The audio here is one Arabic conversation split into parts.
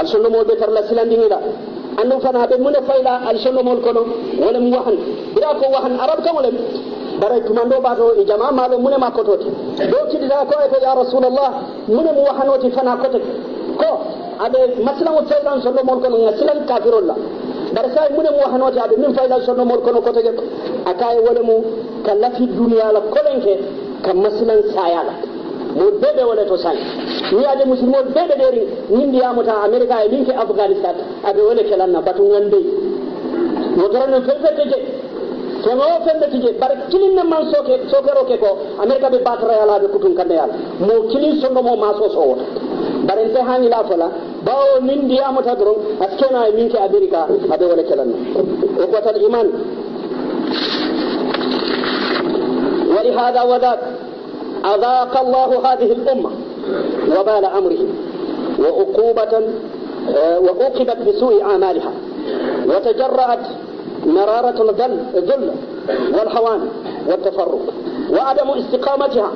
al sonno mol be tarla silandi ngida andum fana be mun fayla al sonno mol kono wala mu wahan bira ko wahan arab kamolem baray tumando bato e jama malo mun ma kototi do kidina ko e ko ya rasulullah mun mu wahanoti fana kototi ko abe maslan o faylan sonno mol kono ngasilan kafirolla bar sa mun mu wahanoti abe min faylan sonno mol kono kotoje akaye wala mu kalafi dunya la kolenke kam maslan sayala mon ɓeɓe woleto san wiyaade musidme on ɓeɓe ni ndiya muta america e min ke afghanistan aɓe wole kelanna batu gandey wotorano felfettete kono o fenɓe bar kilin kilinne man soke soke roke ko america be américa ɓe be kutun kande ala mo kilin sondomo maso sowota bara nte hañila fola bawo min ndiyamata doron askena e linke america américa wala wole kelanna o e kwatal iman ولهذا وذاك أذاق الله هذه الأمة وبال أمره وعقوبة آه، وعوقبت بسوء أعمالها وتجرأت مرارة الذل والهوان والتفرق وعدم استقامتها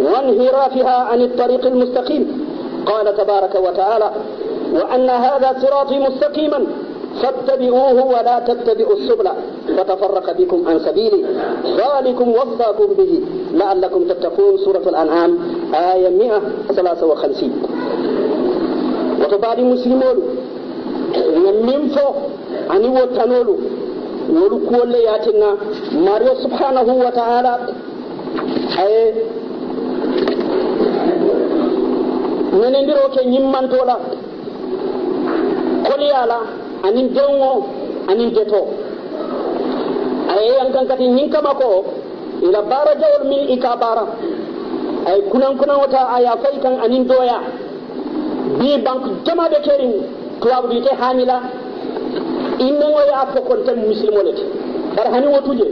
وانحرافها عن الطريق المستقيم قال تبارك وتعالى وأن هذا صراطي مستقيما فاتبعوه ولا تتبعوا السبل فتفرق بكم عن سبيله ذلكم وصاكم به لعلكم تتقون سورة الأنعام آية 153 وتبعد مسلمون يمين فو أني وطنولو ولكل ياتنا ماريو سبحانه وتعالى أي من كي nenendiroo تولا ñimmantola koliyaala anin jongo anin jeto aye yankan kati ñin kamako ila bara jawol min ika bara ay kunan kunan wata aya fay kan anin doya bi bank jama be kerin tuwabu te hamila inne ngoy a ko kon muslimo le bar hani wotuje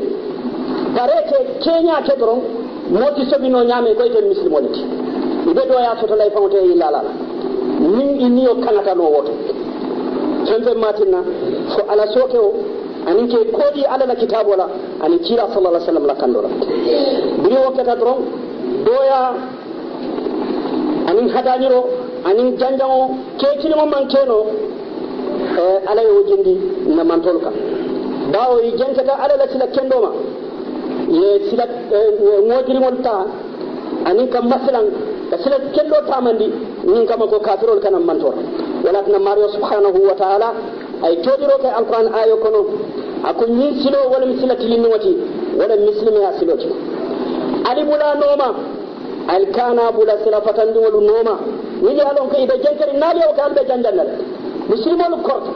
ke kenya ke doron moti n'o nyame koy tan muslimo le ibe doya to lay fawte ilala la min inni yo kanata no woto jonfen matinna fo ala soke o anin ke kodi ala na kitabu la ani kira sallallahu alaihi wasallam la kandora biri wakata dron doya anin hadanyiro anin janjango ke kilimo mankeno e, ala yo jindi na mantol ka bawo yi jenkata ala la sila kendoma ye sila e, ngodirimol ta anin kam masalan ka sila kendo tamandi nin kama ko kafirol kanan mantora ولكن ماريو سبحانه وتعالى أي تدرك القرآن آيو كنو أكو نيسلو ولا مثلة لنوتي ولا مثل ما سلوتي ألي بلا نوما الكانا بلا سلافة دول نوما نيلي ألون كي بجنكر نالي وكال بجنجن لك مسلم لكورت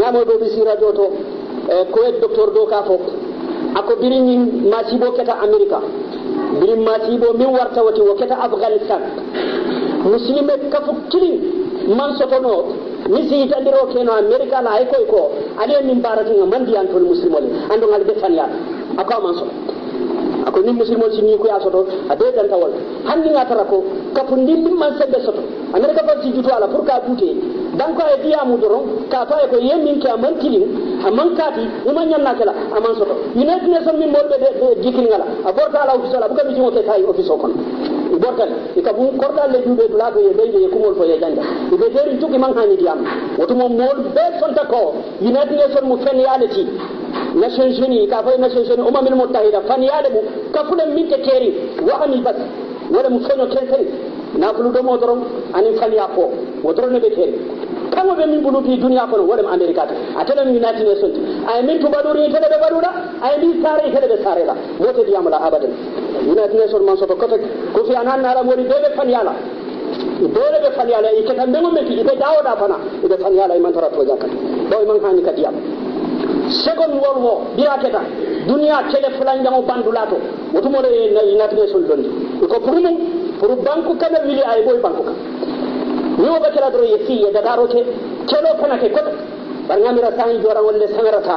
نامو نعم دو بسيرة جوتو أه، كويت دكتور دوكا فوق أكو بيرين ماسيبو كتا أمريكا بيرين ماسيبو من ورتا وكتا أفغانستان مسلمة كفوك تلين man mi si itandiro keno amérique ala hay koy ko aɗen min barati man diyan toon musilme ole andu ngal defaniya man mansoto ako ni musilmol si ñi kuya soto a be danta wol hanni nga tara ko kapu ndindi man sebbe soto america bal si jutu ala pour ka bute danko ay biya mu doron ka fa ko yemin ka man kilin amman kati uma nyanna kala aman soto united nation min bolbe de dikil ngala a borta ala office ala buka mi jimo ke tay office o kono gortan ikabu kordale juuɓe laaɓe e ɓeyde e kumol foye jande iɓe deeri tuki man hanidiyam wotumo mool ɓe sonta ko united nation mo fen yaaleti nation jeuni ka fayi nation jeuni umamil mottahida fan yaade mu kafuɗe min te teeri wahani bas wala mu feño kelten nafuluɗomo doron anin faniya fo wo dorone ɓe teeri kamo ɓe min ɓuluti duniya kono waɗem américa to a telem united nation ti ay min tubaɗuri tele ɓe waɗuɗa ay min saare tele ɓe saarela motediyamala abadan Yönetmeye sorman sonra tokat Kofi Annan alam woni dole kan yala. Dole be kan yala ike kan dengum meki ite dawo da fana ite kan yala iman tarat waja kan. Bawo iman hani kat yam. Second World War biya keta dunia kele fulan jango bandulato. Wotu mo re na yönetmeye sol dondi. Ko purumu puru banku kana wili ay boy banku kan. Ni wo bakela dro yesi ye da daro ke kelo kana ke kot. Barnamira tan jora wolle sangarata.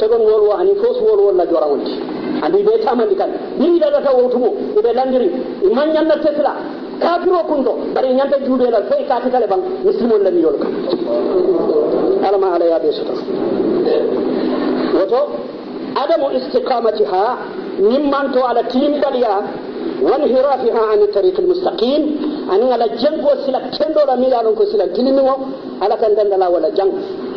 Second World War ani First World War la jora wolle. andi be tamandi kan biri da ta wotumo ibe landiri man nyanda tesla kafiro kundo bari nyanda juude la fay ka tikale bang muslimon la mi yol kan ala ma ala ya be sota woto adamu istiqamatiha nimman to ala timbaliya وانحرافها عن الطريق المستقيم أن على جنب وسلا كندو لا ميلا لنكو سلا كلمة على كندن لا ولا جنب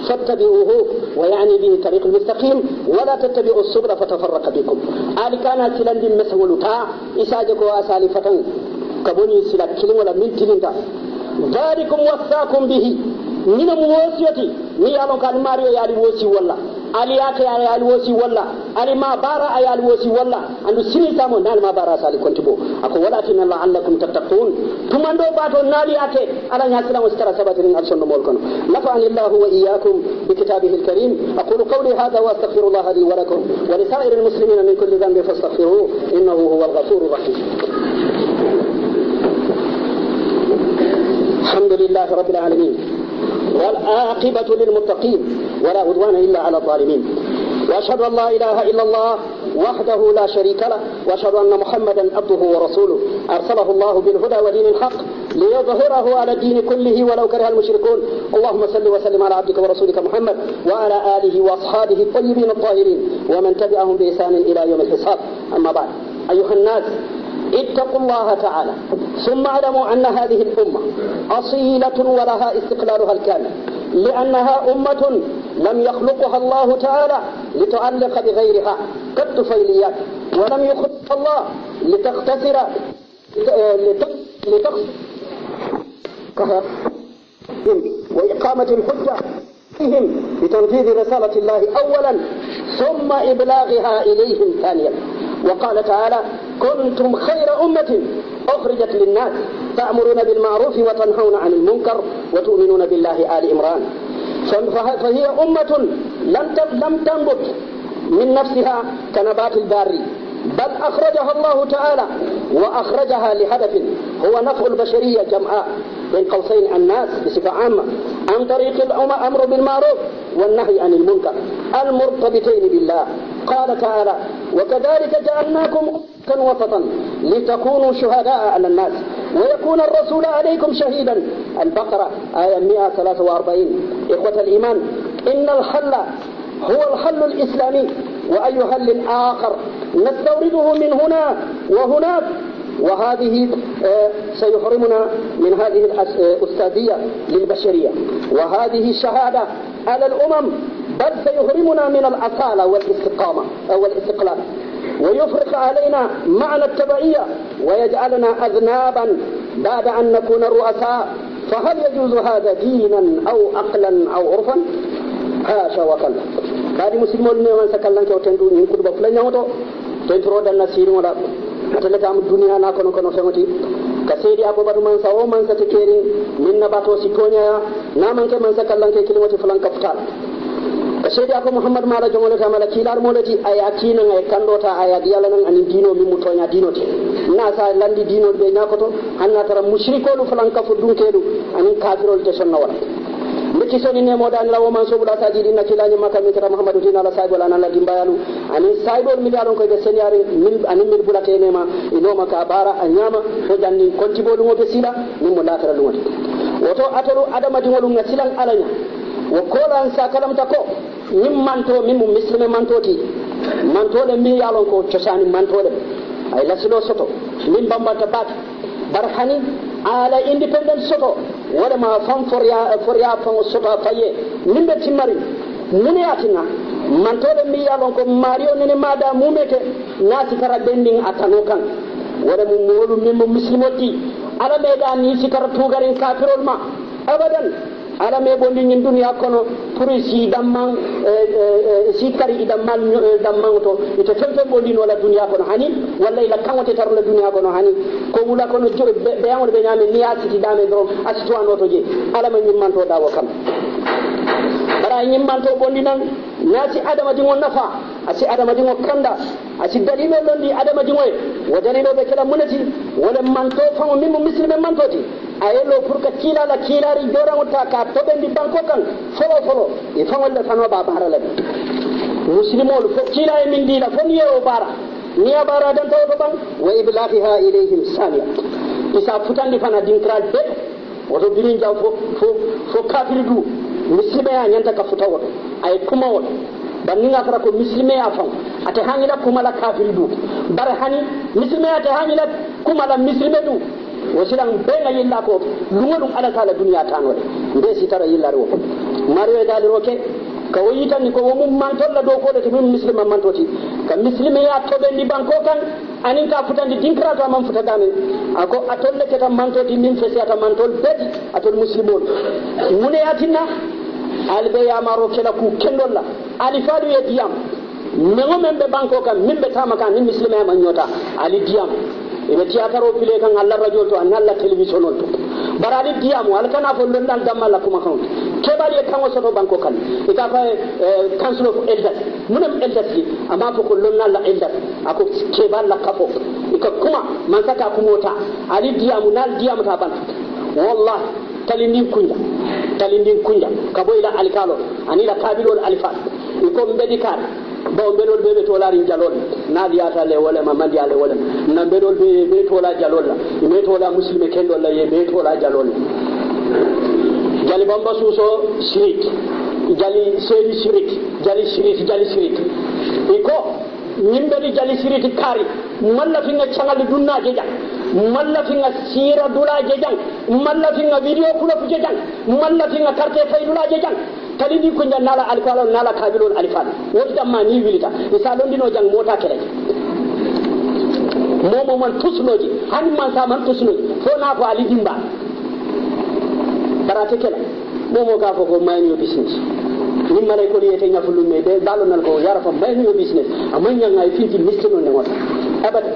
فاتبعوه ويعني به طريق المستقيم ولا تتبعوا الصبر فتفرق بكم قال كان سلند مسؤول تا إساجك وأسالي فتن كبني سلكل ولا من تلين ذلكم وثاكم به من موسيتي ni ألو كان ماريو yali wosi walla ali yake yali wosi walla ali ma bara ayali wosi walla andu sinita mo nan ma bara sali ko walakin la'allakum tattaqun tumando bato nali ate ala nya sala wastara sabatirin alson mol kono nafa'ani allah wa iyyakum bi kitabihi alkarim aqulu qawli hadha wa astaghfirullah li wa lakum wa li sa'iril muslimina min kulli dhanbin fastaghfiruhu innahu huwal ghafurur rahim الحمد لله رب العالمين والعاقبة للمتقين ولا عدوان إلا على الظالمين وأشهد أن لا إله إلا الله وحده لا شريك له وأشهد أن محمدا عبده ورسوله أرسله الله بالهدى ودين الحق ليظهره على الدين كله ولو كره المشركون اللهم صل وسلم على عبدك ورسولك محمد وعلى آله وأصحابه الطيبين الطاهرين ومن تبعهم بإحسان إلى يوم الحساب أما بعد أيها الناس اتقوا الله تعالى ثم اعلموا أن هذه الأمة أصيلة ولها استقلالها الكامل لأنها أمة لم يخلقها الله تعالى لتعلق بغيرها كالطفيليات ولم يخلقها الله لتختصر لتختصر وإقامة الحجة فيهم بتنفيذ رسالة الله أولا ثم إبلاغها إليهم ثانيا وقال تعالى كنتم خير أمة أخرجت للناس تأمرون بالمعروف وتنهون عن المنكر وتؤمنون بالله آل إمران فهي أمة لم لم تنبت من نفسها كنبات الباري بل أخرجها الله تعالى وأخرجها لهدف هو نفع البشرية جمعاء بين قوسين الناس بصفة عامة عن طريق الأمر بالمعروف والنهي عن المنكر المرتبطين بالله قال تعالى وكذلك جعلناكم قسطا وسطا لتكونوا شهداء على الناس ويكون الرسول عليكم شهيدا البقرة آية 143 إخوة الإيمان إن الحل هو الحل الإسلامي وأي حل آخر نستورده من هنا وهناك وهذه آه، سيحرمنا من هذه الأستاذية آه، للبشرية وهذه الشهادة على الأمم بل سيحرمنا من الأصالة والاستقامة أو الاستقلال ويفرق علينا معنى التبعية ويجعلنا أذنابا بعد أن نكون الرؤساء فهل يجوز هذا دينا أو عقلا أو عرفا هاشا وقلا كادي مسلم المعنى سكالنك وتندون ينكد بفلين يوتو تنترو دلنا سيرون ولا أتلت عم الدنيا ناكونا كونا فهمتي كسيدي أبو بدر من سو من ستكيرين من نباتو سيكونيا نامن كمن سكالنك كلمة فلان كفتال seydi ako jomo maala jomole kam ala kiilaar moleti aya kan ay ta aya yalla nan ani dino min mu dino te na sa lanndi diinol ɓe an hanna tara lu falan kafo dunkeeɗu anin kafirol te sonna wona mbicci soni da lawoman ji dina ɗin nakkilañi maka min kata mouhamadou tin ala saybol an allah dimbayalu anin saybol mi ɗalon koyɓe seniyare min anin min ɓulatenema ma ka bara a ñama to jannin kontibo lumoɓe sila min mo latara lumote woto ataru ne ŋa silan alanya wa kolan sa ta ko nim mantoo mimu misilime mantooti mantoole mi yaalon ko cosaani mantoole ay lasiloo soto min bambanta baati bar hani ala independent soto walama fan forya forya fan soto faye min ɓe timmari mine yatina mantoɗo mi yalon ko maari o nene maada mumete nasikara ɓendin a tano kan waɗa mo moolu min mo misilimotti ala meeɗa ni sikara tugarin kafirol ma abadan alame ɓolli ñin duniya kono pour si ɗamman si kari iɗammal ɗamman to ito fen fen ɓollinola duniya kono hani walla ila kaŋote tarola duniya kono hani ko wula kono ɓeyaŋol ɓe ñamen ni a sitiɗame doron a situwanoto je alama ñimmantoɗawo kam bara ñimmanto ɓollinan naati adamadiŋo nafa asi adamadiŋo kanda asi dalilo londi adamadiŋo ye wo dalilo ɓe kela muneti wole manto faŋo min mo misilime mantoti ayello pour que ri jora uta ka to di banko kan folo folo e fagolle sanoɓa barala ɓe muslimolu fo kila e min ndila fo ni o bara ni niya bara danta oɗo ban wa iblaqiha ilayhim sania isa futan di fana din kral be o to birin jaw fo fo fo kafiri du muslima ya nyanta ka futa wa ay kuma wa woto banninga tara ko muslima muslimeya fan ate hañila kumala kafiri du bara hani muslimeya ate kuma la muslima du wasilan bena yilla ko lumalum ala tala dunya tanore nde sitara yilla ro ko mario e dali roke ka woyitanni ko womum mantolla dow koɗete min muslima mantoti ka muslima yattoɓe ndi banko kan anin ka futandi dinkirata man futadamen ako atolle keta mantoti min fesiyata mantol bedi atol muslimol mune yatinna alɓe yamaro kela ku kendolla alifaɗu e diyam mego men ɓe banko kan min ɓe tama kan min muslimaya ma ñoota ali diyam ina tiya karo file kan Allah radio to an Allah television on to baradi mu al kana follon dal damma la kuma kan ke bari e kan wasa no banko kan ita e fa e, council of elders munam elders di amma ko kullun la elders ako ke ba la kafo ika kuma man saka kuma ta ali mu nal mu ta ban wallahi talindin kunja talindin kunja kabo ila alkalo anila kabilul alfat ko mbedi kar ba mbedol bebe larin jalol ናሊያታለ ወለማ ማዲያለ ወለማ እና በዶል ቤቶላ ጃሎላ ቤቶላ ሙስሊም ከንዶላ የቤቶላ ጃሎላ ጃሊ ባምባሱ ሶ ሲሪክ ጃሊ ሴዲ ሲሪክ ጃሊ ሲሪክ ጃሊ ሲሪክ ኢኮ ñimɓeɗi jali siriti kaari mallatinga cagal dunnaje jang mallatinga siira dulaje jang mallatinga vidéo kulofu je jang mallatinga carte faydulaje jang tadidi kunja nala alifalo nala kabilon alifalo wol damma ni wilita misalondino jang mota kelay momo man tusnoji han man sa man tusnoji fo na ko ali dimba barate kela momo ka fo ko mayni bisnis ni malay ko eta nyafulu me be dalo nal ko yara fo mayni business amay ñanga fiti mistino ne wata abada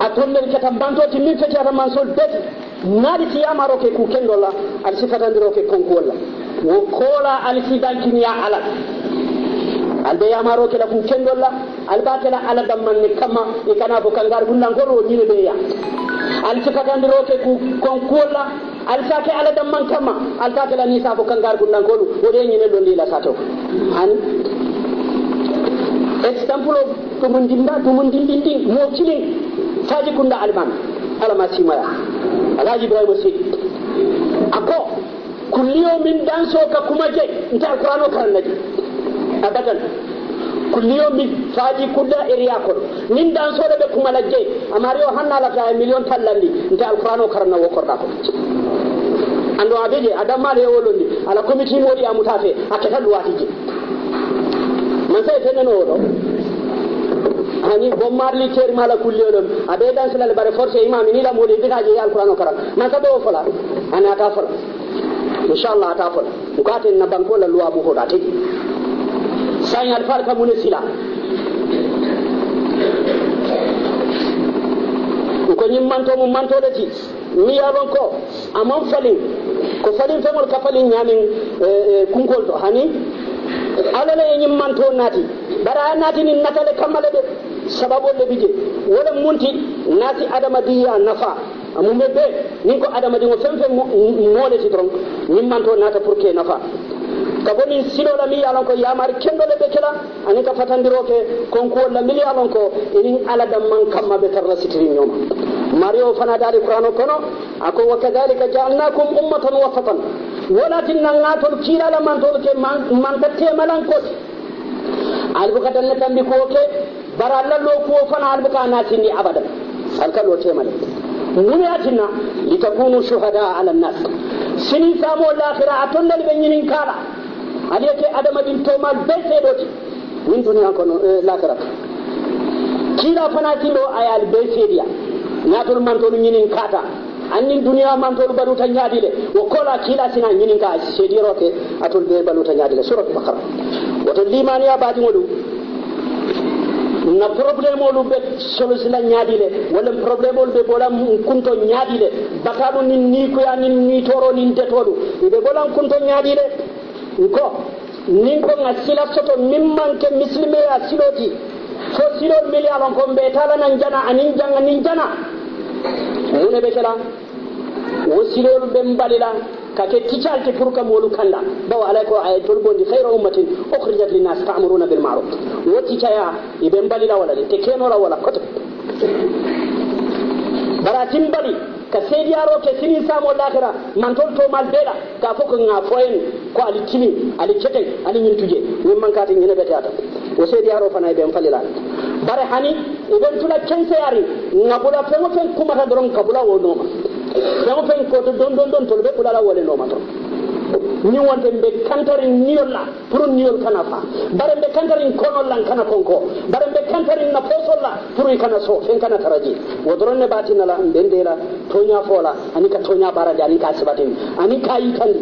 a tollel kata mbanto timmi fetiata man sol beti naɗi tiyamaroke ku kendolla aɗa sifatandiroke konkuwolla wo koola alfidankiniya ala alɓe yamarokela ku kendolla albatela ala dammanne kamma e kana bo kangar wullangol wo ñine ɓeya al sifatandiroke ku konkuwolla alsake ala damman kamma altatela ni safo kangar gullangol woɗe ñine lolila sato an exemple o tomo dimba tomo dimbinɗin mo cilin taji kunda alman alama simaya alhaji ibrahim sai ako kulliyo min dan so ka kuma je nta alqur'ano karanna je abadan kulliyo min faji kulla iriya ko min dan so da kuma lajje amariyo hanna la ta million tallandi nta alqur'ano karanna wo korda ko ando adam ma le wolondi ala committee modi amutafe aketa duwati je man sai tenno do hani gommarli ker mala kullelum abe dan sulal bare forse imam ni la moli bita je al qur'an karam man ka do fola ana ta fola inshallah ta fola ukate na banko la luwa bu ko date sai al farka mun sila ko nyim manto mu manto da ci mi ya ban ko amon falin ko falin femol ka falin nyamin kunkol to hani alala ye ñim manto naati bara naati ni natale kammale de le bije wala munti naati adamadiya nafa mume be nin ko adamadiŋo feŋ feŋ mooleti doroŋ ñiŋ manto naata pour ke nafa ka bo nin siloo la miŋ ye a loŋ ko kendo le be ke la aniŋ ka fatandiroo ke konkuwol la miŋ ye a loŋ ko iniŋ ala dammaŋ kamma be tara la sitiri ñooma mario fana daali qur'ano kono ako wa kadhalika ja'alnakum ummatan wasatan walatin nangatol kiilala mantol ke manta temalan koti albuka danna tambi ko ke በራለሎ ኮኮን አልብቃና ሲኒ አባደ ሰልከሎቼ ማለት ምንያትና ሊተኩኑ ሹሃዳ አለናስ ሲኒ ሳሞ ላኺራ አቶነ ልበኝን ካላ አዲያቴ ቢንቶ ማል በሴዶች ምን ዱንያ ኮኖ ላኺራ ኪላ ፈናቲሎ አያል በሴዲያ ናቱል ማንቶሉ ኝንን ካታ አንን ዱንያ ማንቶሉ በሉተኛ ዲለ ወኮላ ኪላ ሲና ኝንን ካ ሴዲሮቴ አቶል በሉተኛ ዲለ ሱረቱ በከራ ወተሊማንያ ባዲሞሉ na problemolu be solusila ñaadile walam problemolu be bolam kunto ñaadile batalu nin nikuya nin nitoro nin detolu ibe bolam kunto ñaadile ko nin ko nga sila soto min manke siloti mili alon ko nan jana anin janga nin jana wune be كاكي تيشال تفرك مولو كندا بو عليكو وعي تلبون دي خير أمة أخرجت للناس تعمرون بالمعروف وتيشايا يبين بالي لا ولا لي تكينو لا ولا كتب براتين بالي كسيدي أرو كسيني سامو الآخرة من تول تومال بيلا كافوك نافوين كو علي تيمي علي كتن علي نلتجي ومن كاتن ينبتي آدم وسيدي أرو فانا يبين فالي لعنة bare hani idan tula kensa yari ngabula fengo fen kuma ta feŋ feŋ koto don don don tolu be kula la wole nooma to ni wonte mbe kantarin niyol la pour niyol kana fa bare mbe kantarin konol lan kana konko bare mbe kantarin na posol la pour i kana so fen kana taraji wodoron ne batina la mbe ndela toña fola ani ka toña bara de ani ka sibatin ani ka yi kandi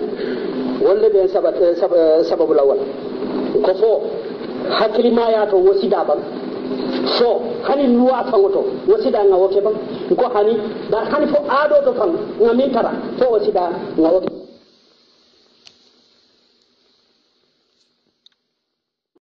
wolle sabat eh, eh, sababu la wala ko fo hakkilima yato wosida ban so hani luwa faŋoto wo sida ŋa wo kebaŋ nko hani bari hani fo aadoto faŋ ŋa min tara fo wo sida ŋa wo kebaŋ